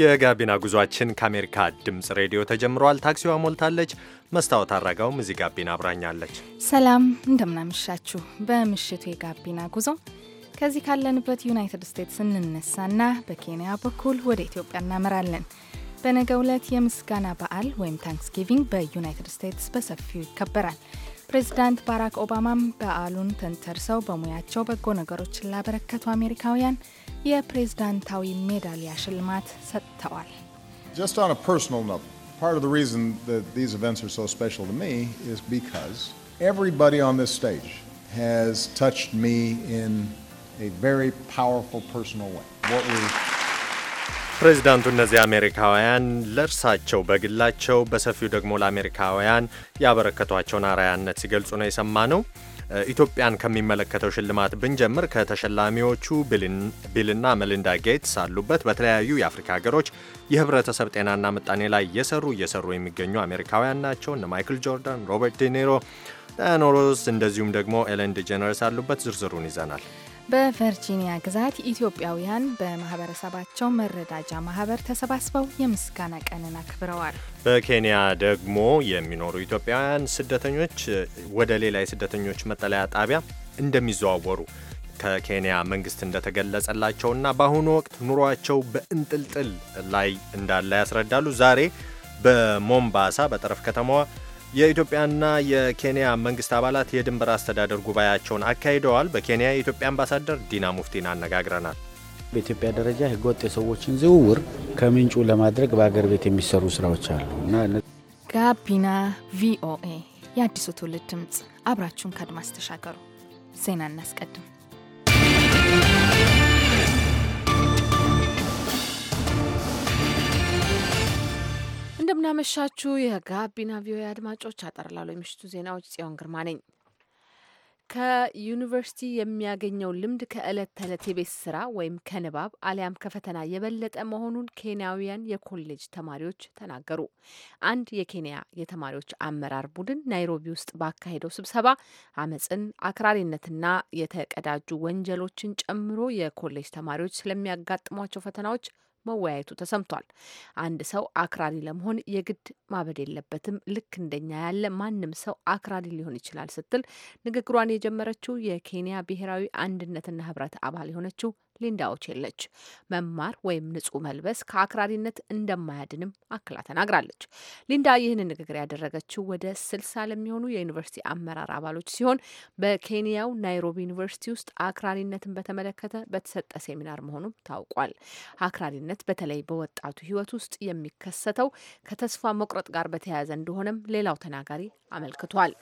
የጋቢና ጉዟችን ከአሜሪካ ድምፅ ሬዲዮ ተጀምሯል። ታክሲዋ ሞልታለች። መስታወት አድራጋውም እዚህ ጋቢና አብራኛለች። ሰላም እንደምናመሻችሁ። በምሽቱ የጋቢና ጉዞ ከዚህ ካለንበት ዩናይትድ ስቴትስ እንነሳና በኬንያ በኩል ወደ ኢትዮጵያ እናመራለን። በነገው ዕለት የምስጋና በዓል ወይም ታንክስጊቪንግ በዩናይትድ ስቴትስ በሰፊው ይከበራል። ፕሬዚዳንት ባራክ ኦባማም በዓሉን ተንተርሰው በሙያቸው በጎ ነገሮችን ላበረከቱ አሜሪካውያን የፕሬዝዳንታዊ ሜዳሊያ ሽልማት ሰጥተዋል። Just on a personal note, part of the reason that these events are so special to me is because everybody on this stage has touched me in a very powerful personal way. What we ፕሬዚዳንቱ እነዚህ አሜሪካውያን ለእርሳቸው በግላቸው በሰፊው ደግሞ ለአሜሪካውያን ያበረከቷቸውን አራያነት ሲገልጹ ነው የሰማ ነው። ኢትዮጵያን ከሚመለከተው ሽልማት ብንጀምር ከተሸላሚዎቹ ቢልና መሊንዳ ጌትስ አሉበት። በተለያዩ የአፍሪካ ሀገሮች የህብረተሰብ ጤናና ምጣኔ ላይ እየሰሩ እየሰሩ የሚገኙ አሜሪካውያን ናቸው። እነ ማይክል ጆርዳን፣ ሮበርት ዲኒሮ፣ ዳያኖሮስ እንደዚሁም ደግሞ ኤለን ዲጀነረስ አሉበት። ዝርዝሩን ይዘናል። በቨርጂኒያ ግዛት ኢትዮጵያውያን በማህበረሰባቸው መረዳጃ ማህበር ተሰባስበው የምስጋና ቀንን አክብረዋል። በኬንያ ደግሞ የሚኖሩ ኢትዮጵያውያን ስደተኞች ወደ ሌላ የስደተኞች መጠለያ ጣቢያ እንደሚዘዋወሩ ከኬንያ መንግስት እንደተገለጸላቸውና በአሁኑ ወቅት ኑሯቸው በእንጥልጥል ላይ እንዳለ ያስረዳሉ። ዛሬ በሞምባሳ በጠረፍ ከተማዋ የኢትዮጵያና የኬንያ መንግስት አባላት የድንበር አስተዳደር ጉባኤያቸውን አካሂደዋል። በኬንያ የኢትዮጵያ አምባሳደር ዲና ሙፍቲን አነጋግረናል። በኢትዮጵያ ደረጃ ህገወጥ የሰዎችን ዝውውር ከምንጩ ለማድረግ በአገር ቤት የሚሰሩ ስራዎች አሉ እና ጋቢና ቪኦኤ የአዲሱ ትውልድ ድምፅ፣ አብራችሁን ከአድማስ ተሻገሩ። ዜና እናስቀድም። እንደምናመሻችሁ የጋቢና ቪኦኤ አድማጮች፣ አጠርላሉ የምሽቱ ዜናዎች ጽዮን ግርማ ነኝ። ከዩኒቨርሲቲ የሚያገኘው ልምድ ከእለት ተዕለት የቤት ስራ ወይም ከንባብ አሊያም ከፈተና የበለጠ መሆኑን ኬንያውያን የኮሌጅ ተማሪዎች ተናገሩ። አንድ የኬንያ የተማሪዎች አመራር ቡድን ናይሮቢ ውስጥ ባካሄደው ስብሰባ አመፅን፣ አክራሪነትና የተቀዳጁ ወንጀሎችን ጨምሮ የኮሌጅ ተማሪዎች ስለሚያጋጥሟቸው ፈተናዎች መወያየቱ ተሰምቷል። አንድ ሰው አክራሪ ለመሆን የግድ ማበድ የለበትም፣ ልክ እንደኛ ያለ ማንም ሰው አክራሪ ሊሆን ይችላል ስትል ንግግሯን የጀመረችው የኬንያ ብሔራዊ አንድነትና ህብረት አባል የሆነችው ሊንዳዎች የለች። መማር ወይም ንጹህ መልበስ ከአክራሪነት እንደማያድንም አክላ ተናግራለች። ሊንዳ ይህንን ንግግር ያደረገችው ወደ ስልሳ ለሚሆኑ የዩኒቨርሲቲ አመራር አባሎች ሲሆን በኬንያው ናይሮቢ ዩኒቨርሲቲ ውስጥ አክራሪነትን በተመለከተ በተሰጠ ሴሚናር መሆኑም ታውቋል። አክራሪነት በተለይ በወጣቱ ህይወት ውስጥ የሚከሰተው ከተስፋ መቁረጥ ጋር በተያያዘ እንደሆነም ሌላው ተናጋሪ አመልክቷል።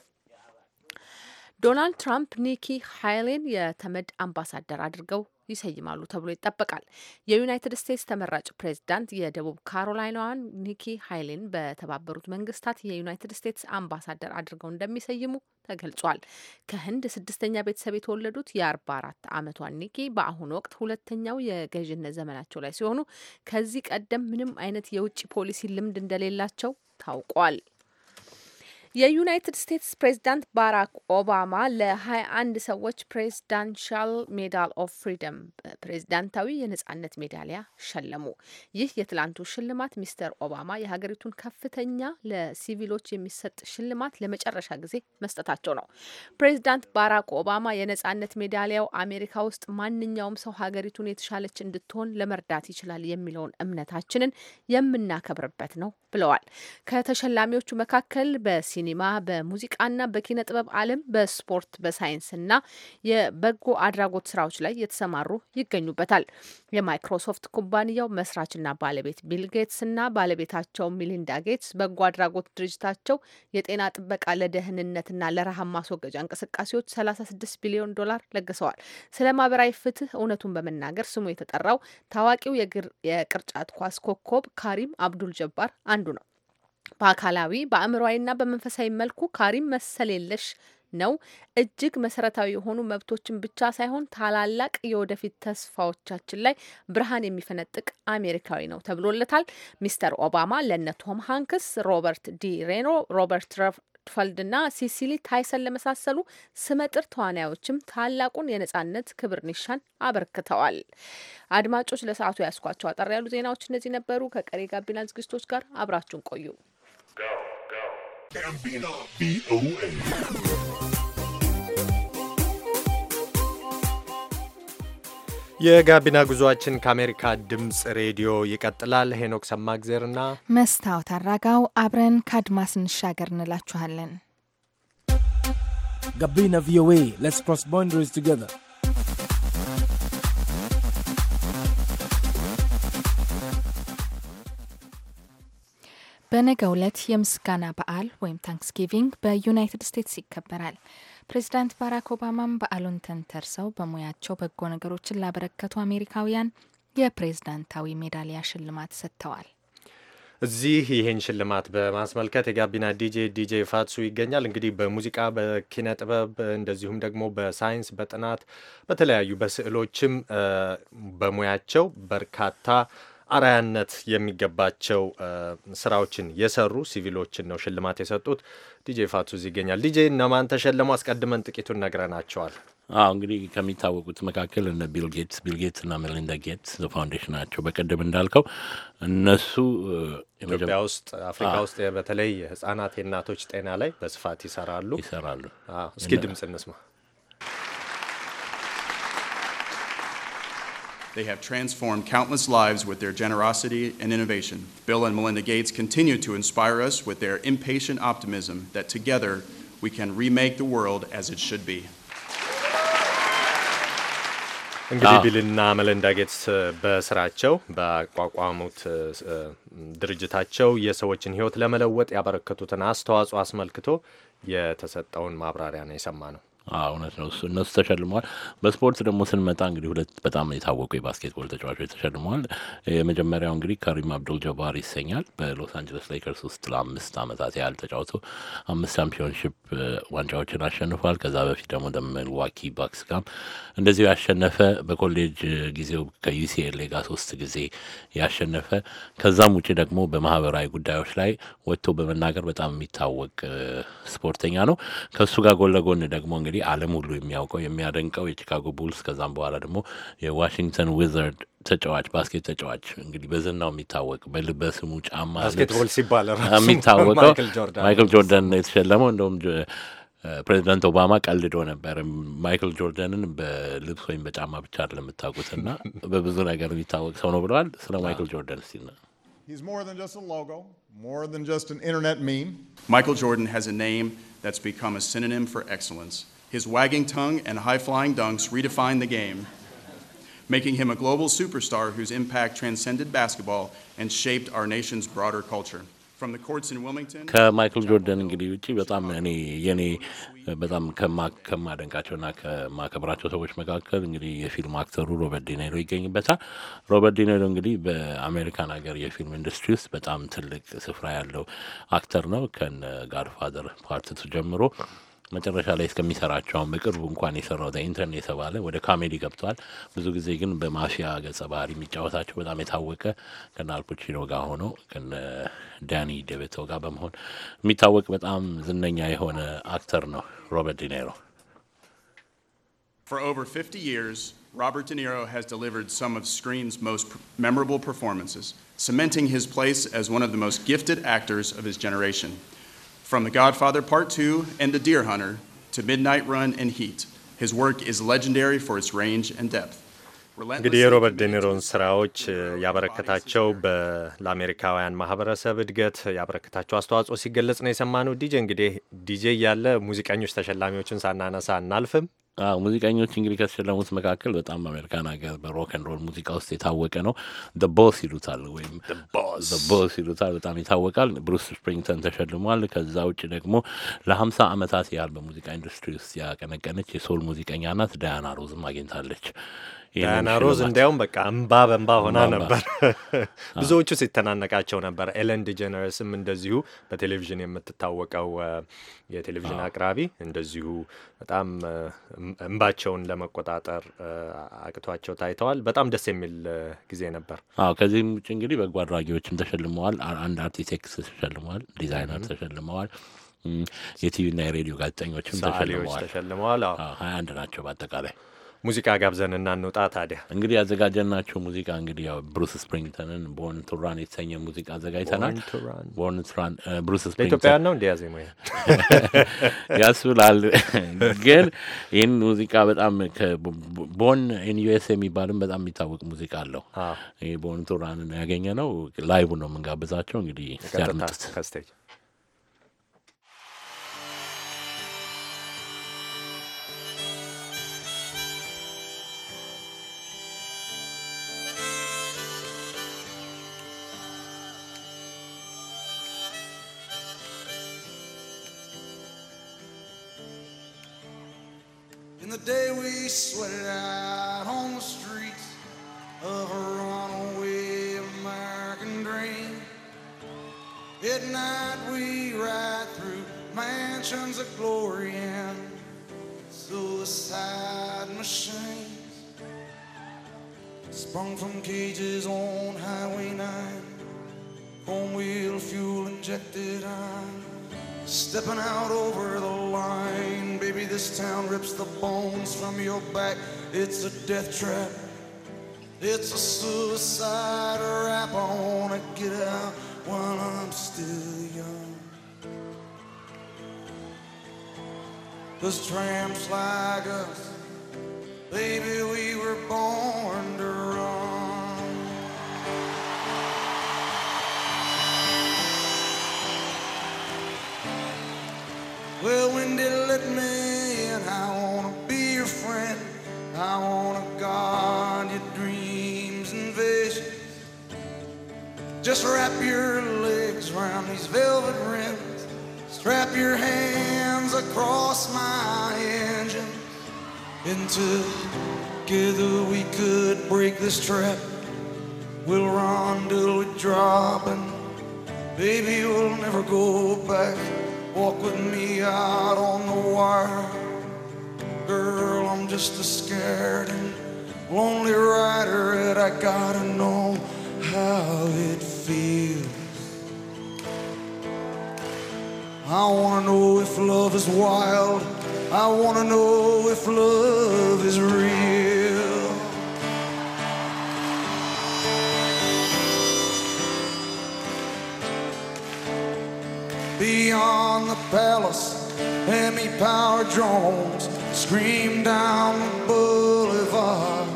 ዶናልድ ትራምፕ ኒኪ ሃይሌን የተመድ አምባሳደር አድርገው ይሰይማሉ ተብሎ ይጠበቃል። የዩናይትድ ስቴትስ ተመራጭ ፕሬዚዳንት የደቡብ ካሮላይናዋን ኒኪ ሃይሌን በተባበሩት መንግስታት የዩናይትድ ስቴትስ አምባሳደር አድርገው እንደሚሰይሙ ተገልጿል። ከህንድ ስድስተኛ ቤተሰብ የተወለዱት የአርባ አራት አመቷን ኒኪ በአሁኑ ወቅት ሁለተኛው የገዥነት ዘመናቸው ላይ ሲሆኑ ከዚህ ቀደም ምንም አይነት የውጭ ፖሊሲ ልምድ እንደሌላቸው ታውቋል። የዩናይትድ ስቴትስ ፕሬዚዳንት ባራክ ኦባማ ለ21 ሰዎች ፕሬዚዳንሻል ሜዳል ኦፍ ፍሪደም ፕሬዚዳንታዊ የነጻነት ሜዳሊያ ሸለሙ። ይህ የትላንቱ ሽልማት ሚስተር ኦባማ የሀገሪቱን ከፍተኛ ለሲቪሎች የሚሰጥ ሽልማት ለመጨረሻ ጊዜ መስጠታቸው ነው። ፕሬዚዳንት ባራክ ኦባማ የነጻነት ሜዳሊያው አሜሪካ ውስጥ ማንኛውም ሰው ሀገሪቱን የተሻለች እንድትሆን ለመርዳት ይችላል የሚለውን እምነታችንን የምናከብርበት ነው ብለዋል። ከተሸላሚዎቹ መካከል በሲ በሲኒማ በሙዚቃና በኪነ ጥበብ ዓለም በስፖርት በሳይንስና የበጎ አድራጎት ስራዎች ላይ የተሰማሩ ይገኙበታል። የማይክሮሶፍት ኩባንያው መስራችና ባለቤት ቢል ጌትስና ባለቤታቸው ሚሊንዳ ጌትስ በጎ አድራጎት ድርጅታቸው የጤና ጥበቃ ለደህንነትና ለረሃብ ማስወገጃ እንቅስቃሴዎች 36 ቢሊዮን ዶላር ለግሰዋል። ስለ ማህበራዊ ፍትህ እውነቱን በመናገር ስሙ የተጠራው ታዋቂው የቅርጫት ኳስ ኮከብ ካሪም አብዱል ጀባር አንዱ ነው። በአካላዊ በአእምሯዊና በመንፈሳዊ መልኩ ካሪም መሰል የለሽ ነው። እጅግ መሰረታዊ የሆኑ መብቶችን ብቻ ሳይሆን ታላላቅ የወደፊት ተስፋዎቻችን ላይ ብርሃን የሚፈነጥቅ አሜሪካዊ ነው ተብሎለታል። ሚስተር ኦባማ ለነ ቶም ሃንክስ፣ ሮበርት ዲ ሬኖ፣ ሮበርት ራትፈልድ እና ሲሲሊ ታይሰን ለመሳሰሉ ስመጥር ተዋናዮችም ታላቁን የነጻነት ክብር ኒሻን አበርክተዋል። አድማጮች፣ ለሰዓቱ ያስኳቸው አጠር ያሉ ዜናዎች እነዚህ ነበሩ። ከቀሪ ጋቢና ዝግጅቶች ጋር አብራችሁን ቆዩ። የጋቢና ጉዞአችን ከአሜሪካ ድምፅ ሬዲዮ ይቀጥላል። ሄኖክ ሰማግዜርና መስታወት አራጋው አብረን ከአድማስ እንሻገር እንላችኋለን። ጋቢና ቪኦኤ ሌትስ ክሮስ ባውንደሪስ ቱጌዘር በነገ ዕለት የምስጋና በዓል ወይም ታንክስጊቪንግ በዩናይትድ ስቴትስ ይከበራል። ፕሬዚዳንት ባራክ ኦባማም በዓሉን ተንተርሰው በሙያቸው በጎ ነገሮችን ላበረከቱ አሜሪካውያን የፕሬዝዳንታዊ ሜዳሊያ ሽልማት ሰጥተዋል። እዚህ ይህን ሽልማት በማስመልከት የጋቢና ዲጄ ዲጄ ፋትሱ ይገኛል። እንግዲህ በሙዚቃ በኪነ ጥበብ እንደዚሁም ደግሞ በሳይንስ በጥናት በተለያዩ በስዕሎችም በሙያቸው በርካታ አርአያነት የሚገባቸው ስራዎችን የሰሩ ሲቪሎችን ነው ሽልማት የሰጡት። ዲጄ ፋቱዝ ይገኛል። ዲጄ እነማን ተሸለሙ? አስቀድመን ጥቂቱን ነግረናቸዋል። አዎ እንግዲህ ከሚታወቁት መካከል እነ ቢል ጌትስ ቢል ጌትስ እና ሜሊንዳ ጌትስ ፋውንዴሽን ናቸው። በቀደም እንዳልከው እነሱ ኢትዮጵያ ውስጥ አፍሪካ ውስጥ በተለይ ህጻናት የእናቶች ጤና ላይ በስፋት ይሰራሉ ይሰራሉ። እስኪ ድምጽ እንስማ። They have transformed countless lives with their generosity and innovation. Bill and Melinda Gates continue to inspire us with their impatient optimism that together we can remake the world as it እንግዲህ ah. ቢልና ጌትስ uh, በስራቸው በቋቋሙት uh, uh, ድርጅታቸው የሰዎችን ለመለወጥ ያበረከቱትን አስተዋጽኦ አስመልክቶ የተሰጠውን ማብራሪያ ነው የሰማ ነው። እውነት ነው። እነሱ ተሸልመዋል። በስፖርት ደግሞ ስንመጣ እንግዲህ ሁለት በጣም የታወቁ የባስኬትቦል ተጫዋቾች ተሸልመዋል። የመጀመሪያው እንግዲህ ካሪም አብዱል ጀባር ይሰኛል። በሎስ አንጀለስ ሌከርስ ውስጥ ለአምስት ዓመታት ያህል ተጫውቶ አምስት ቻምፒዮንሺፕ ዋንጫዎችን አሸንፏል። ከዛ በፊት ደግሞ ለሚልዋኪ ባክስ ጋም እንደዚሁ ያሸነፈ በኮሌጅ ጊዜው ከዩሲኤልኤ ጋር ሶስት ጊዜ ያሸነፈ ከዛም ውጭ ደግሞ በማህበራዊ ጉዳዮች ላይ ወጥቶ በመናገር በጣም የሚታወቅ ስፖርተኛ ነው። ከእሱ ጋር ጎን ለጎን ደግሞ እንግዲህ ዓለም ሁሉ የሚያውቀው የሚያደንቀው የቺካጎ ቡልስ ከዛም በኋላ ደግሞ የዋሽንግተን ዊዘርድ ተጫዋች ባስኬት ተጫዋች እንግዲህ በዝናው የሚታወቅ በልበስሙ ጫማ የሚታወቀው ማይክል ጆርዳን ነው የተሸለመው እንደውም ፕሬዚዳንት ኦባማ ቀልዶ ነበር። ማይክል ጆርዳንን በልብስ ወይም በጫማ ብቻ ለምታውቁት የምታውቁት እና በብዙ ነገር የሚታወቅ ሰው ነው ብለዋል። ስለ ማይክል ጆርዳን ሲል ነው He's more than just a logo, more than just an internet meme. Michael Jordan has a name that's become a synonym for excellence. His wagging tongue and high flying dunks redefined the game, making him a global superstar whose impact transcended basketball and shaped our nation's broader culture. ከማይክል ጆርደን እንግዲህ ውጭ በጣም እኔ የኔ በጣም ከማደንቃቸውና ከማከብራቸው ሰዎች መካከል እንግዲህ የፊልም አክተሩ ሮበርት ዲኔሮ ይገኝበታል። ሮበርት ዲኔሮ እንግዲህ በአሜሪካን ሀገር የፊልም ኢንዱስትሪ ውስጥ በጣም ትልቅ ስፍራ ያለው አክተር ነው። ከነ ጋድፋዘር ፓርትቱ ጀምሮ መጨረሻ ላይ እስከሚሰራቸው አሁን በቅርቡ እንኳን የሰራው ኢንተርን የተባለ ወደ ካሜዲ ገብቷል። ብዙ ጊዜ ግን በማፊያ ገጸ ባህሪ የሚጫወታቸው በጣም የታወቀ ከነ አልፑቺኖ ጋር ሆኖ ከነ ዳኒ ደቤቶ ጋር በመሆን የሚታወቅ በጣም ዝነኛ የሆነ አክተር ነው ሮበርት ዲኔሮ። For over 50 years, Robert De Niro has delivered some of screen's most memorable performances, cementing his place as one of the most gifted actors of his generation. From The Godfather Part 2 and The Deer Hunter to Midnight Run and Heat, his work is legendary for its range and depth. እንግዲህ የሮበርት ዴኒሮን ስራዎች ያበረከታቸው ለአሜሪካውያን ማህበረሰብ እድገት ያበረከታቸው አስተዋጽኦ ሲገለጽ ነው የሰማነው። ዲጄ እንግዲህ ዲጄ እያለ ሙዚቀኞች ተሸላሚዎችን ሳናነሳ አናልፍም። ሙዚቀኞች እንግዲህ ከተሸለሙት መካከል በጣም አሜሪካን ሀገር በሮክን ሮል ሙዚቃ ውስጥ የታወቀ ነው። ቦስ ይሉታል ወይም ቦስ ይሉታል፣ በጣም ይታወቃል። ብሩስ ስፕሪንግተን ተሸልሟል። ከዛ ውጭ ደግሞ ለሀምሳ ዓመታት ያህል በሙዚቃ ኢንዱስትሪ ውስጥ ያቀነቀነች የሶል ሙዚቀኛ ናት። ዳያና ሮዝም አግኝታለች። ዳያና ሮዝ እንዲያውም በቃ እምባ በእምባ ሆና ነበር። ብዙዎቹ ሲተናነቃቸው ነበር። ኤለን ዲጀነረስም እንደዚሁ በቴሌቪዥን የምትታወቀው የቴሌቪዥን አቅራቢ እንደዚሁ በጣም እምባቸውን ለመቆጣጠር አቅቷቸው ታይተዋል። በጣም ደስ የሚል ጊዜ ነበር። አዎ ከዚህም ውጭ እንግዲህ በጎ አድራጊዎችም ተሸልመዋል። አንድ አርቲቴክስ ተሸልመዋል። ዲዛይነር ተሸልመዋል። የቲቪና የሬዲዮ ጋዜጠኞችም ተሸልመዋል። ሀያ አንድ ናቸው በአጠቃላይ ሙዚቃ ጋብዘን እናንውጣ። ታዲያ እንግዲህ ያዘጋጀናቸው ሙዚቃ እንግዲህ ያው ብሩስ ስፕሪንግተንን ቦርን ቱራን የተሰኘ ሙዚቃ አዘጋጅተናል። ቦርን ቱራን ብሩስ ስፕሪንግተን ለኢትዮጵያውያን ነው እንዲያ ያዜማ ያስብላል። ግን ይህን ሙዚቃ በጣም ቦን ኢን ዩኤስ የሚባልም በጣም የሚታወቅ ሙዚቃ አለው። ይህ ቦርን ቱራንን ያገኘ ነው። ላይቡ ነው የምንጋብዛቸው እንግዲህ ያድምጡት። mansions of glory and suicide machines sprung from cages on Highway 9, home wheel fuel injected. I'm stepping out over the line, baby. This town rips the bones from your back. It's a death trap. It's a suicide rap. I wanna get out while I'm still young. Cause tramps like us, baby, we were born to run. Well, Wendy, let me in. I wanna be your friend. I wanna guard your dreams and visions. Just wrap your legs around these velvet rims. Strap your hands across my engine. And together we could break this trap. We'll run till we drop, and baby, we'll never go back. Walk with me out on the wire. Girl, I'm just a scared and lonely rider, and I gotta know how it feels. I wanna know if love is wild. I wanna know if love is real. Beyond the palace, Emmy power drones scream down the boulevard.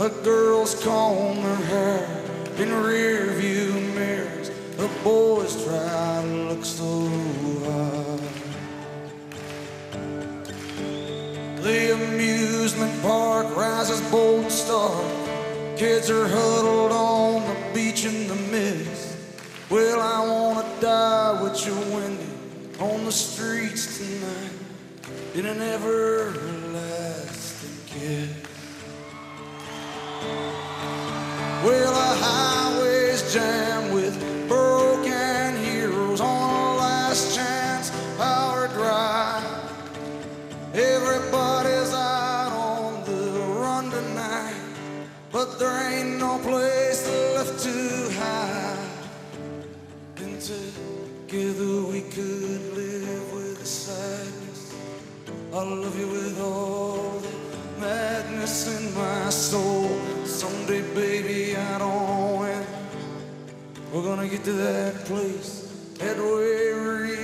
A girl's combing her hair in rearview mirror. The boys try to look so hard. The amusement park rises bold and stark. Kids are huddled on the beach in the mist. Well, I wanna die with you, Wendy, on the streets tonight in an everlasting kiss. Well, I. there ain't no place left to hide. Been together, we could live with the sadness. I love you with all the madness in my soul. Someday, baby, I don't know when We're gonna get to that place that we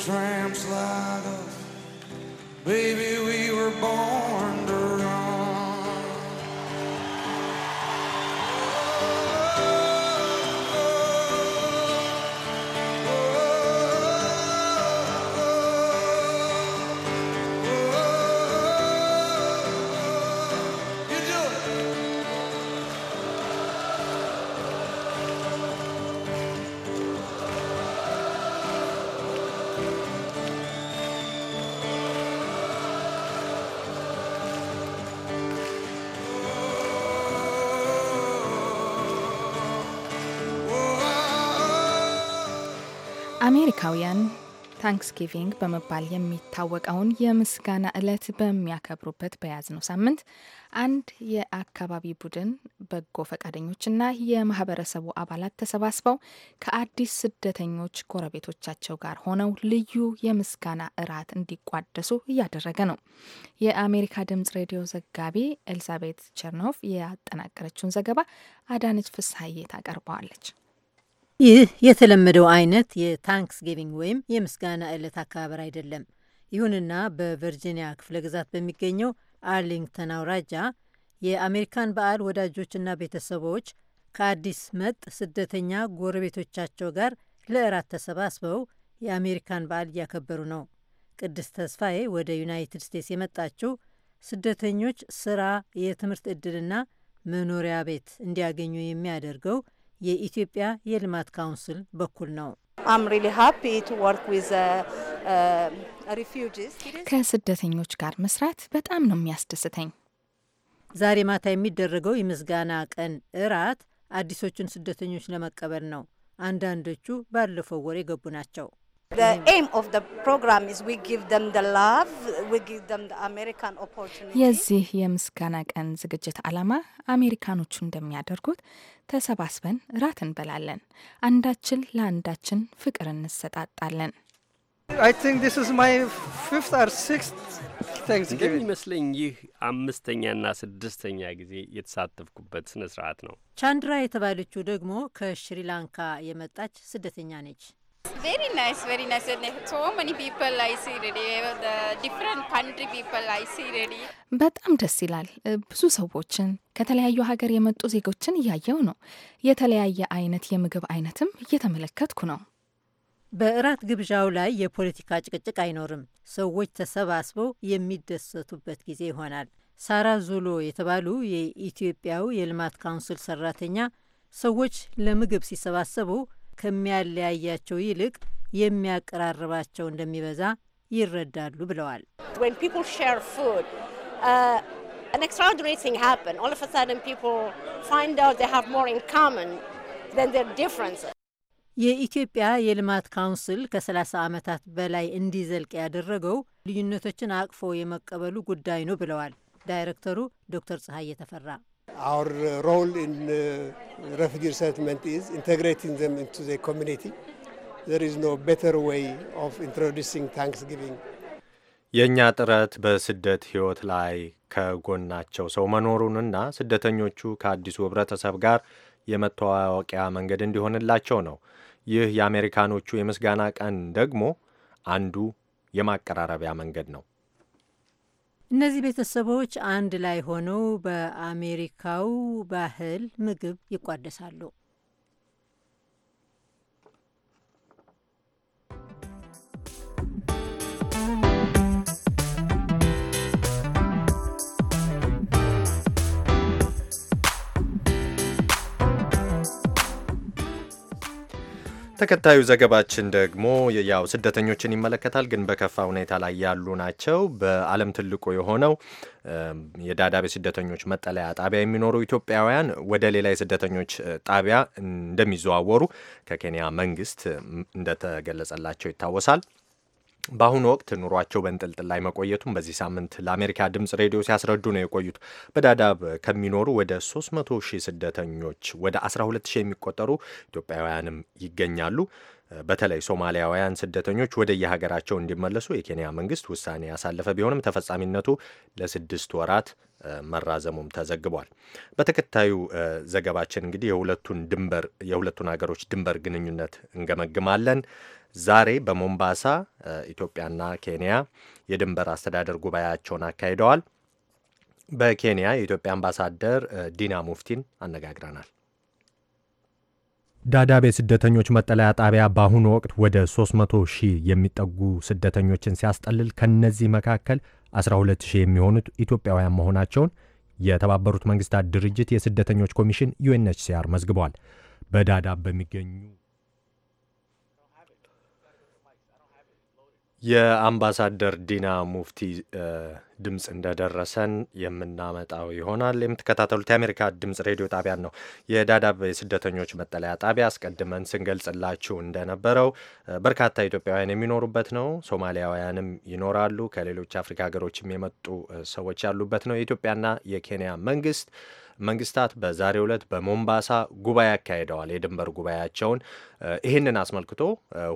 tramp's like us. Baby, we አሜሪካውያን ታንክስጊቪንግ በመባል የሚታወቀውን የምስጋና ዕለት በሚያከብሩበት በያዝነው ሳምንት አንድ የአካባቢ ቡድን በጎ ፈቃደኞችና የማህበረሰቡ አባላት ተሰባስበው ከአዲስ ስደተኞች ጎረቤቶቻቸው ጋር ሆነው ልዩ የምስጋና እራት እንዲቋደሱ እያደረገ ነው። የአሜሪካ ድምጽ ሬዲዮ ዘጋቢ ኤልዛቤት ቸርኖቭ ያጠናቀረችውን ዘገባ አዳነች ፍስሀዬ ታቀርበዋለች። ይህ የተለመደው አይነት የታንክስ ጊቪንግ ወይም የምስጋና ዕለት አከባበር አይደለም። ይሁንና በቨርጂኒያ ክፍለ ግዛት በሚገኘው አርሊንግተን አውራጃ የአሜሪካን በዓል ወዳጆችና ቤተሰቦች ከአዲስ መጥ ስደተኛ ጎረቤቶቻቸው ጋር ለእራት ተሰባስበው የአሜሪካን በዓል እያከበሩ ነው። ቅድስት ተስፋዬ ወደ ዩናይትድ ስቴትስ የመጣችው ስደተኞች ስራ፣ የትምህርት ዕድልና መኖሪያ ቤት እንዲያገኙ የሚያደርገው የኢትዮጵያ የልማት ካውንስል በኩል ነው። uh, uh, ከስደተኞች ጋር መስራት በጣም ነው የሚያስደስተኝ። ዛሬ ማታ የሚደረገው የምስጋና ቀን እራት አዲሶቹን ስደተኞች ለመቀበል ነው። አንዳንዶቹ ባለፈው ወር የገቡ ናቸው። የዚህ የምስጋና ቀን ዝግጅት ዓላማ አሜሪካኖቹ እንደሚያደርጉት ተሰባስበን እራት እንበላለን። አንዳችን ለአንዳችን ፍቅር እንሰጣጣለን። እንደሚመስለኝ ይህ አምስተኛና ስድስተኛ ጊዜ የተሳተፍኩበት ስነ ስርዓት ነው። ቻንድራ የተባለችው ደግሞ ከሽሪላንካ የመጣች ስደተኛ ነች። Very nice, very nice. So many people I see ready. The different country people I see already. በጣም ደስ ይላል። ብዙ ሰዎችን ከተለያዩ ሀገር የመጡ ዜጎችን እያየው ነው። የተለያየ አይነት የምግብ አይነትም እየተመለከትኩ ነው። በእራት ግብዣው ላይ የፖለቲካ ጭቅጭቅ አይኖርም። ሰዎች ተሰባስበው የሚደሰቱበት ጊዜ ይሆናል። ሳራ ዙሎ የተባሉ የኢትዮጵያው የልማት ካውንስል ሰራተኛ ሰዎች ለምግብ ሲሰባሰቡ ከሚያለያያቸው ይልቅ የሚያቀራርባቸው እንደሚበዛ ይረዳሉ ብለዋል። uh, የኢትዮጵያ የልማት ካውንስል ከ30 ዓመታት በላይ እንዲዘልቅ ያደረገው ልዩነቶችን አቅፎ የመቀበሉ ጉዳይ ነው ብለዋል ዳይሬክተሩ ዶክተር ፀሐይ የተፈራ Our role in uh, refugee resettlement is integrating them into the community. There is no better way of introducing Thanksgiving. የእኛ ጥረት በስደት ሕይወት ላይ ከጎናቸው ሰው መኖሩንና ስደተኞቹ ከአዲሱ ኅብረተሰብ ጋር የመተዋወቂያ መንገድ እንዲሆንላቸው ነው። ይህ የአሜሪካኖቹ የምስጋና ቀን ደግሞ አንዱ የማቀራረቢያ መንገድ ነው። እነዚህ ቤተሰቦች አንድ ላይ ሆነው በአሜሪካው ባህል ምግብ ይቋደሳሉ። ተከታዩ ዘገባችን ደግሞ ያው ስደተኞችን ይመለከታል፣ ግን በከፋ ሁኔታ ላይ ያሉ ናቸው። በዓለም ትልቁ የሆነው የዳዳቤ ስደተኞች መጠለያ ጣቢያ የሚኖሩ ኢትዮጵያውያን ወደ ሌላ የስደተኞች ጣቢያ እንደሚዘዋወሩ ከኬንያ መንግስት እንደተገለጸላቸው ይታወሳል። በአሁኑ ወቅት ኑሯቸው በእንጥልጥል ላይ መቆየቱን በዚህ ሳምንት ለአሜሪካ ድምፅ ሬዲዮ ሲያስረዱ ነው የቆዩት። በዳዳብ ከሚኖሩ ወደ 300 ሺህ ስደተኞች ወደ 12 ሺህ የሚቆጠሩ ኢትዮጵያውያንም ይገኛሉ። በተለይ ሶማሊያውያን ስደተኞች ወደ የሀገራቸው እንዲመለሱ የኬንያ መንግስት ውሳኔ ያሳለፈ ቢሆንም ተፈጻሚነቱ ለስድስት ወራት መራዘሙም ተዘግቧል። በተከታዩ ዘገባችን እንግዲህ የሁለቱን ድንበር የሁለቱን ሀገሮች ድንበር ግንኙነት እንገመግማለን። ዛሬ በሞምባሳ ኢትዮጵያና ኬንያ የድንበር አስተዳደር ጉባኤያቸውን አካሂደዋል። በኬንያ የኢትዮጵያ አምባሳደር ዲና ሙፍቲን አነጋግረናል። ዳዳብ የስደተኞች መጠለያ ጣቢያ በአሁኑ ወቅት ወደ 300 ሺህ የሚጠጉ ስደተኞችን ሲያስጠልል ከነዚህ መካከል 12 ሺህ የሚሆኑት ኢትዮጵያውያን መሆናቸውን የተባበሩት መንግስታት ድርጅት የስደተኞች ኮሚሽን ዩኤንኤችሲአር መዝግቧል። በዳዳብ በሚገኙ የአምባሳደር ዲና ሙፍቲ ድምፅ እንደደረሰን የምናመጣው ይሆናል። የምትከታተሉት የአሜሪካ ድምፅ ሬዲዮ ጣቢያን ነው። የዳዳብ የስደተኞች መጠለያ ጣቢያ አስቀድመን ስንገልጽላችሁ እንደነበረው በርካታ ኢትዮጵያውያን የሚኖሩበት ነው። ሶማሊያውያንም ይኖራሉ። ከሌሎች አፍሪካ ሀገሮችም የመጡ ሰዎች ያሉበት ነው። የኢትዮጵያና የኬንያ መንግስት መንግስታት በዛሬው ዕለት በሞምባሳ ጉባኤ አካሂደዋል የድንበር ጉባኤያቸውን ይህንን አስመልክቶ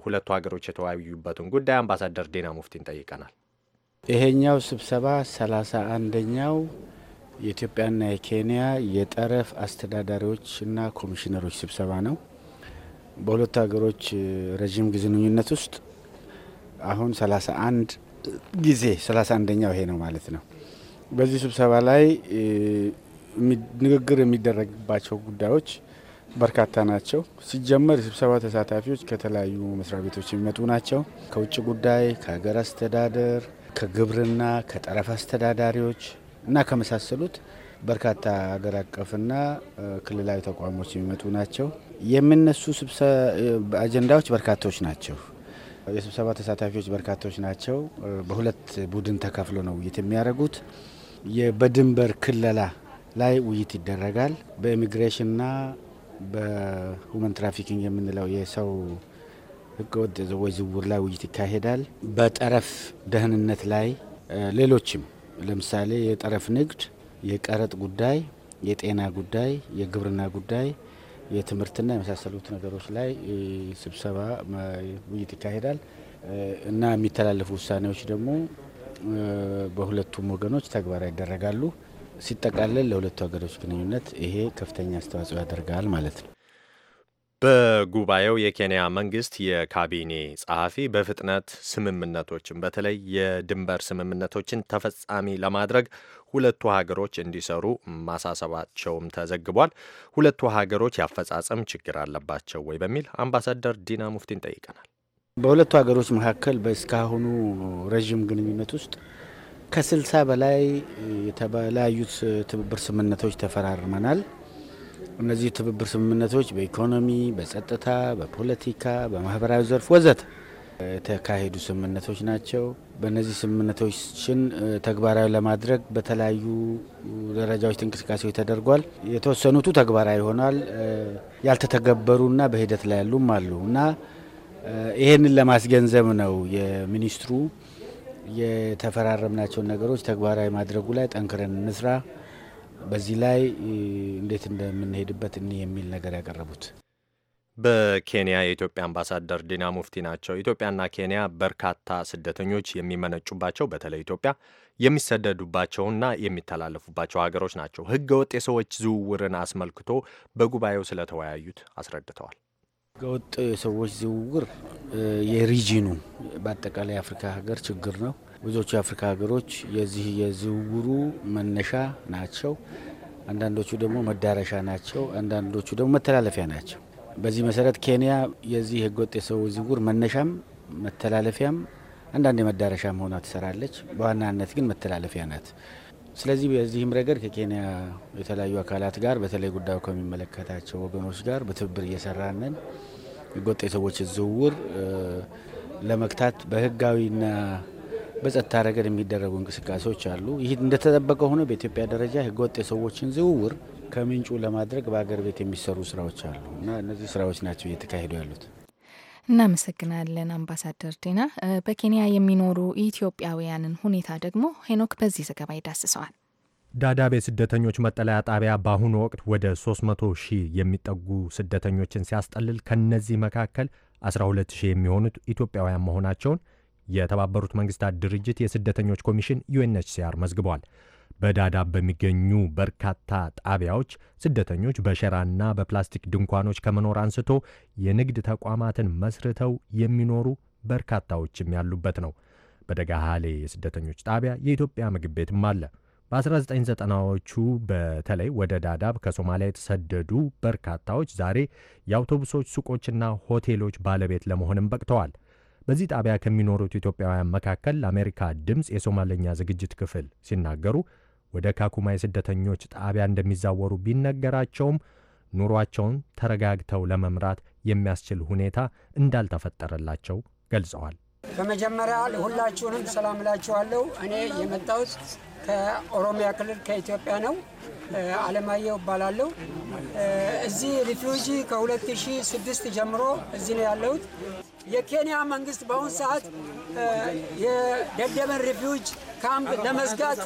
ሁለቱ ሀገሮች የተወያዩበትን ጉዳይ አምባሳደር ዲና ሙፍቲን ጠይቀናል። ይሄኛው ስብሰባ ሰላሳ አንደኛው የኢትዮጵያና የኬንያ የጠረፍ አስተዳዳሪዎችና ኮሚሽነሮች ስብሰባ ነው። በሁለቱ ሀገሮች ረዥም ግንኙነት ውስጥ አሁን 31 ጊዜ 31ኛው ይሄ ነው ማለት ነው። በዚህ ስብሰባ ላይ ንግግር የሚደረግባቸው ጉዳዮች በርካታ ናቸው። ሲጀመር የስብሰባ ተሳታፊዎች ከተለያዩ መስሪያ ቤቶች የሚመጡ ናቸው። ከውጭ ጉዳይ፣ ከሀገር አስተዳደር፣ ከግብርና፣ ከጠረፍ አስተዳዳሪዎች እና ከመሳሰሉት በርካታ ሀገር አቀፍና ክልላዊ ተቋሞች የሚመጡ ናቸው። የሚነሱ አጀንዳዎች በርካታዎች ናቸው። የስብሰባ ተሳታፊዎች በርካታዎች ናቸው። በሁለት ቡድን ተከፍሎ ነው ውይይት የሚያደርጉት። በድንበር ክለላ ላይ ውይይት ይደረጋል። በኢሚግሬሽንና በሁመን ትራፊኪንግ የምንለው የሰው ህገወጥ ወይ ዝውውር ላይ ውይይት ይካሄዳል። በጠረፍ ደህንነት ላይ ሌሎችም ለምሳሌ የጠረፍ ንግድ፣ የቀረጥ ጉዳይ፣ የጤና ጉዳይ፣ የግብርና ጉዳይ፣ የትምህርትና የመሳሰሉት ነገሮች ላይ ስብሰባ ውይይት ይካሄዳል እና የሚተላለፉ ውሳኔዎች ደግሞ በሁለቱም ወገኖች ተግባራዊ ይደረጋሉ። ሲጠቃለል ለሁለቱ ሀገሮች ግንኙነት ይሄ ከፍተኛ አስተዋጽኦ ያደርጋል ማለት ነው። በጉባኤው የኬንያ መንግስት የካቢኔ ጸሐፊ በፍጥነት ስምምነቶችን በተለይ የድንበር ስምምነቶችን ተፈጻሚ ለማድረግ ሁለቱ ሀገሮች እንዲሰሩ ማሳሰባቸውም ተዘግቧል። ሁለቱ ሀገሮች ያፈጻጸም ችግር አለባቸው ወይ በሚል አምባሳደር ዲና ሙፍቲን ጠይቀናል። በሁለቱ ሀገሮች መካከል በእስካሁኑ ረዥም ግንኙነት ውስጥ ከስልሳ በላይ የተለያዩት ትብብር ስምምነቶች ተፈራርመናል። እነዚህ ትብብር ስምምነቶች በኢኮኖሚ፣ በጸጥታ፣ በፖለቲካ፣ በማህበራዊ ዘርፍ ወዘተ የተካሄዱ ስምምነቶች ናቸው። በእነዚህ ስምምነቶችን ተግባራዊ ለማድረግ በተለያዩ ደረጃዎች እንቅስቃሴዎች ተደርጓል። የተወሰኑቱ ተግባራዊ ይሆናል። ያልተተገበሩና በሂደት ላይ ያሉም አሉ እና ይህንን ለማስገንዘብ ነው የሚኒስትሩ የተፈራረምናቸውን ነገሮች ተግባራዊ ማድረጉ ላይ ጠንክረን እንስራ፣ በዚህ ላይ እንዴት እንደምንሄድበት እኒህ የሚል ነገር ያቀረቡት በኬንያ የኢትዮጵያ አምባሳደር ዲና ሙፍቲ ናቸው። ኢትዮጵያና ኬንያ በርካታ ስደተኞች የሚመነጩባቸው በተለይ ኢትዮጵያ የሚሰደዱባቸውና የሚተላለፉባቸው ሀገሮች ናቸው። ሕገ ወጥ የሰዎች ዝውውርን አስመልክቶ በጉባኤው ስለተወያዩት አስረድተዋል። ህገወጥ የሰዎች ዝውውር የሪጂኑ በአጠቃላይ የአፍሪካ ሀገር ችግር ነው። ብዙዎቹ የአፍሪካ ሀገሮች የዚህ የዝውውሩ መነሻ ናቸው። አንዳንዶቹ ደግሞ መዳረሻ ናቸው። አንዳንዶቹ ደግሞ መተላለፊያ ናቸው። በዚህ መሰረት ኬንያ የዚህ ህገወጥ የሰዎች ዝውውር መነሻም መተላለፊያም አንዳንድ የመዳረሻ መሆኗ ትሰራለች። በዋናነት ግን መተላለፊያ ናት። ስለዚህ በዚህም ረገድ ከኬንያ የተለያዩ አካላት ጋር በተለይ ጉዳዩ ከሚመለከታቸው ወገኖች ጋር በትብብር እየሰራንን ህገወጥ የሰዎች ዝውውር ለመግታት በህጋዊና በጸጥታ ረገድ የሚደረጉ እንቅስቃሴዎች አሉ። ይህ እንደተጠበቀ ሆኖ በኢትዮጵያ ደረጃ ህገወጥ የሰዎችን ዝውውር ከምንጩ ለማድረግ በሀገር ቤት የሚሰሩ ስራዎች አሉ እና እነዚህ ስራዎች ናቸው እየተካሄዱ ያሉት። እናመሰግናለን አምባሳደር ዲና። በኬንያ የሚኖሩ ኢትዮጵያውያንን ሁኔታ ደግሞ ሄኖክ በዚህ ዘገባ ይዳስሰዋል። ዳዳቤ ስደተኞች መጠለያ ጣቢያ በአሁኑ ወቅት ወደ 300 ሺህ የሚጠጉ ስደተኞችን ሲያስጠልል ከነዚህ መካከል 12 ሺህ የሚሆኑት ኢትዮጵያውያን መሆናቸውን የተባበሩት መንግስታት ድርጅት የስደተኞች ኮሚሽን ዩኤንኤችሲአር መዝግቧል። በዳዳብ በሚገኙ በርካታ ጣቢያዎች ስደተኞች በሸራና በፕላስቲክ ድንኳኖች ከመኖር አንስቶ የንግድ ተቋማትን መስርተው የሚኖሩ በርካታዎችም ያሉበት ነው። በደጋሃሌ የስደተኞች ጣቢያ የኢትዮጵያ ምግብ ቤትም አለ። በ1990ዎቹ በተለይ ወደ ዳዳብ ከሶማሊያ የተሰደዱ በርካታዎች ዛሬ የአውቶቡሶች ሱቆችና ሆቴሎች ባለቤት ለመሆንም በቅተዋል። በዚህ ጣቢያ ከሚኖሩት ኢትዮጵያውያን መካከል ለአሜሪካ ድምፅ የሶማለኛ ዝግጅት ክፍል ሲናገሩ ወደ ካኩማ የስደተኞች ጣቢያ እንደሚዛወሩ ቢነገራቸውም ኑሯቸውን ተረጋግተው ለመምራት የሚያስችል ሁኔታ እንዳልተፈጠረላቸው ገልጸዋል። በመጀመሪያ ሁላችሁንም ሰላም እላችኋለሁ። እኔ የመጣሁት ከኦሮሚያ ክልል ከኢትዮጵያ ነው። አለማየሁ እባላለሁ። እዚህ ሪፊውጂ ከ2006 ጀምሮ እዚህ ነው ያለሁት። የኬንያ መንግስት በአሁኑ ሰዓት የደደበን ሪፊውጅ ካምፕ ለመዝጋት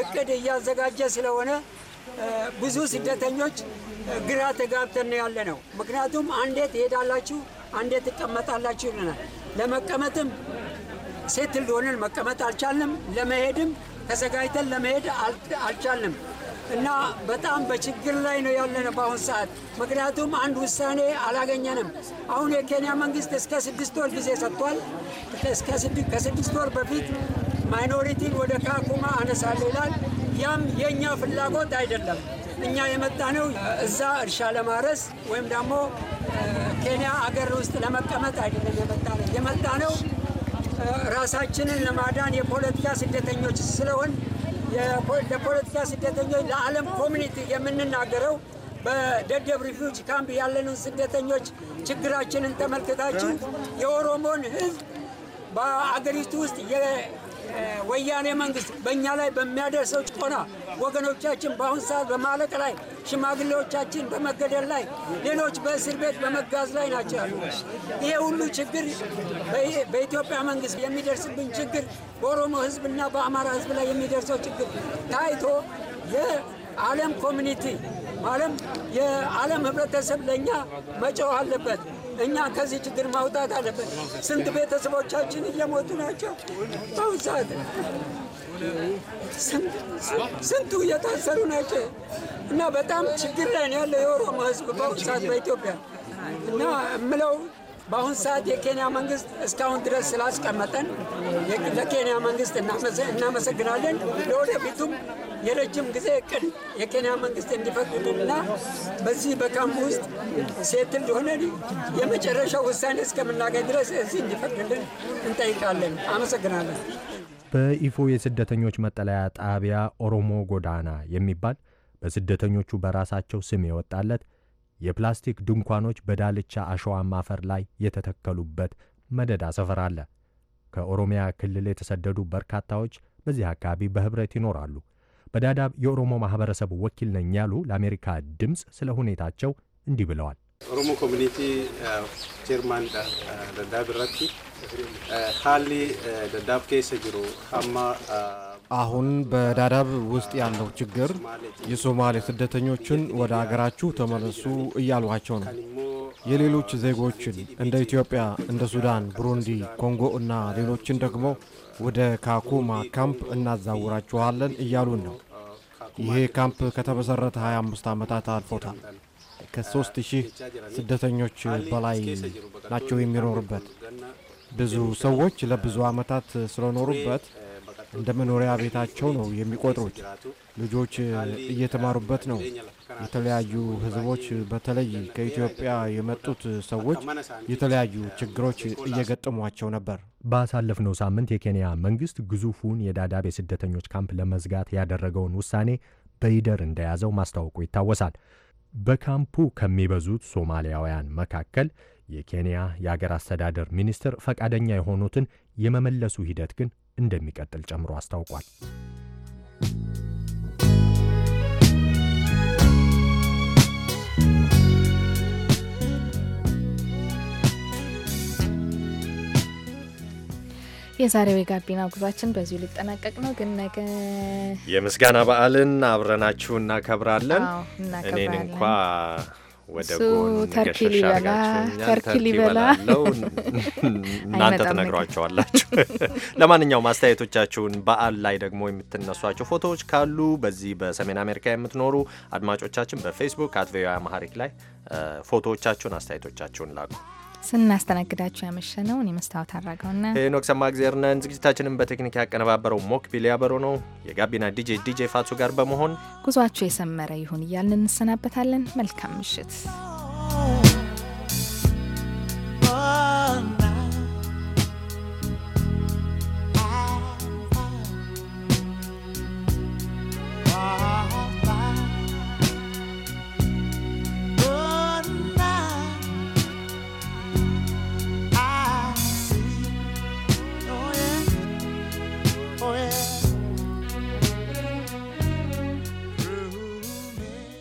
እቅድ እያዘጋጀ ስለሆነ ብዙ ስደተኞች ግራ ተጋብተን ያለ ነው። ምክንያቱም አንዴት ትሄዳላችሁ፣ አንዴት ትቀመጣላችሁ ይለናል። ለመቀመጥም ሴት ሆነን መቀመጥ አልቻልንም። ለመሄድም ተዘጋጅተን ለመሄድ አልቻልንም። እና በጣም በችግር ላይ ነው ያለነው በአሁን ሰዓት። ምክንያቱም አንድ ውሳኔ አላገኘንም። አሁን የኬንያ መንግስት እስከ ስድስት ወር ጊዜ ሰጥቷል። ከስድስት ወር በፊት ማይኖሪቲን ወደ ካኩማ አነሳለሁ ይላል። ያም የእኛ ፍላጎት አይደለም። እኛ የመጣ ነው እዛ እርሻ ለማረስ ወይም ደግሞ ኬንያ አገር ውስጥ ለመቀመጥ አይደለም የመጣ ነው የመጣ ነው ራሳችንን ለማዳን የፖለቲካ ስደተኞች ስለሆን ለፖለቲካ ስደተኞች ለዓለም ኮሚኒቲ የምንናገረው በደደብ ሪፊውጅ ካምፕ ያለንን ስደተኞች ችግራችንን ተመልክታችሁ የኦሮሞን ሕዝብ በአገሪቱ ውስጥ ወያኔ መንግስት በእኛ ላይ በሚያደርሰው ጭቆና ወገኖቻችን በአሁን ሰዓት በማለቅ ላይ፣ ሽማግሌዎቻችን በመገደል ላይ፣ ሌሎች በእስር ቤት በመጋዝ ላይ ናቸው ያሉ። ይሄ ሁሉ ችግር በኢትዮጵያ መንግስት የሚደርስብን ችግር በኦሮሞ ህዝብና በአማራ ህዝብ ላይ የሚደርሰው ችግር ታይቶ የዓለም ኮሚኒቲ ማለም የዓለም ህብረተሰብ ለእኛ መጮህ አለበት። እኛ ከዚህ ችግር ማውጣት አለበት። ስንት ቤተሰቦቻችን እየሞቱ ናቸው። በአሁን ሰዓት ስንቱ እየታሰሩ ናቸው እና በጣም ችግር ላይ ያለው የኦሮሞ ሕዝብ በአሁን ሰዓት በኢትዮጵያ እና ምለው በአሁን ሰዓት የኬንያ መንግስት እስካሁን ድረስ ስላስቀመጠን ለኬንያ መንግስት እናመሰግናለን። ለወደፊቱም የረጅም ጊዜ እቅድ የኬንያ መንግስት እንዲፈቅድልንና በዚህ በካምፕ ውስጥ ሴት እንደሆነ የመጨረሻው ውሳኔ እስከምናገኝ ድረስ እዚህ እንዲፈቅድልን እንጠይቃለን። አመሰግናለን። በኢፎ የስደተኞች መጠለያ ጣቢያ ኦሮሞ ጎዳና የሚባል በስደተኞቹ በራሳቸው ስም የወጣለት የፕላስቲክ ድንኳኖች በዳልቻ አሸዋማ አፈር ላይ የተተከሉበት መደዳ ሰፈር አለ። ከኦሮሚያ ክልል የተሰደዱ በርካታዎች በዚህ አካባቢ በኅብረት ይኖራሉ። በዳዳብ የኦሮሞ ማኅበረሰብ ወኪል ነኝ ያሉ ለአሜሪካ ድምፅ ስለ ሁኔታቸው እንዲህ ብለዋል። ኦሮሞ ኮሚኒቲ ቼርማን ዳዳብ ረቲ ሀሊ ዳዳብ ኬሰ ጅሩ አሁን በዳዳብ ውስጥ ያለው ችግር የሶማሌ ስደተኞችን ወደ አገራችሁ ተመለሱ እያሏቸው ነው። የሌሎች ዜጎችን እንደ ኢትዮጵያ፣ እንደ ሱዳን፣ ብሩንዲ፣ ኮንጎ እና ሌሎችን ደግሞ ወደ ካኩማ ካምፕ እናዛውራችኋለን እያሉን ነው። ይሄ ካምፕ ከተመሠረተ 25 ዓመታት አልፎታል። ከሦስት ሺህ ስደተኞች በላይ ናቸው የሚኖሩበት። ብዙ ሰዎች ለብዙ ዓመታት ስለኖሩበት እንደ መኖሪያ ቤታቸው ነው የሚቆጥሩት። ልጆች እየተማሩበት ነው። የተለያዩ ህዝቦች በተለይ ከኢትዮጵያ የመጡት ሰዎች የተለያዩ ችግሮች እየገጠሟቸው ነበር። ባሳለፍነው ሳምንት የኬንያ መንግስት ግዙፉን የዳዳብ የስደተኞች ካምፕ ለመዝጋት ያደረገውን ውሳኔ በይደር እንደያዘው ማስታወቁ ይታወሳል። በካምፑ ከሚበዙት ሶማሊያውያን መካከል የኬንያ የአገር አስተዳደር ሚኒስትር ፈቃደኛ የሆኑትን የመመለሱ ሂደት ግን እንደሚቀጥል ጨምሮ አስታውቋል። የዛሬው የጋቢና ጉዟችን በዚሁ ሊጠናቀቅ ነው። ግን ነገ የምስጋና በዓልን አብረናችሁ እናከብራለን። እኔን እንኳ ወደ ተርኪ ሊበላ ተርኪ ሊበላ እናንተ ትነግሯቸዋላችሁ። ለማንኛውም አስተያየቶቻችሁን በዓል ላይ ደግሞ የምትነሷቸው ፎቶዎች ካሉ በዚህ በሰሜን አሜሪካ የምትኖሩ አድማጮቻችን በፌስቡክ አት ቪኦኤ አማሪክ ላይ ፎቶዎቻችሁን፣ አስተያየቶቻችሁን ላኩ። ስናስተናግዳችሁ ነው። እኔ መስታወት አድራገውና ሄኖክ ሰማ እግዜርነን ዝግጅታችንን በቴክኒክ ያቀነባበረው ሞክቢል ያበሮ ነው። የጋቢና ዲጄ ዲጄ ፋቱ ጋር በመሆን ጉዟችሁ የሰመረ ይሁን እያልን እንሰናበታለን። መልካም ምሽት።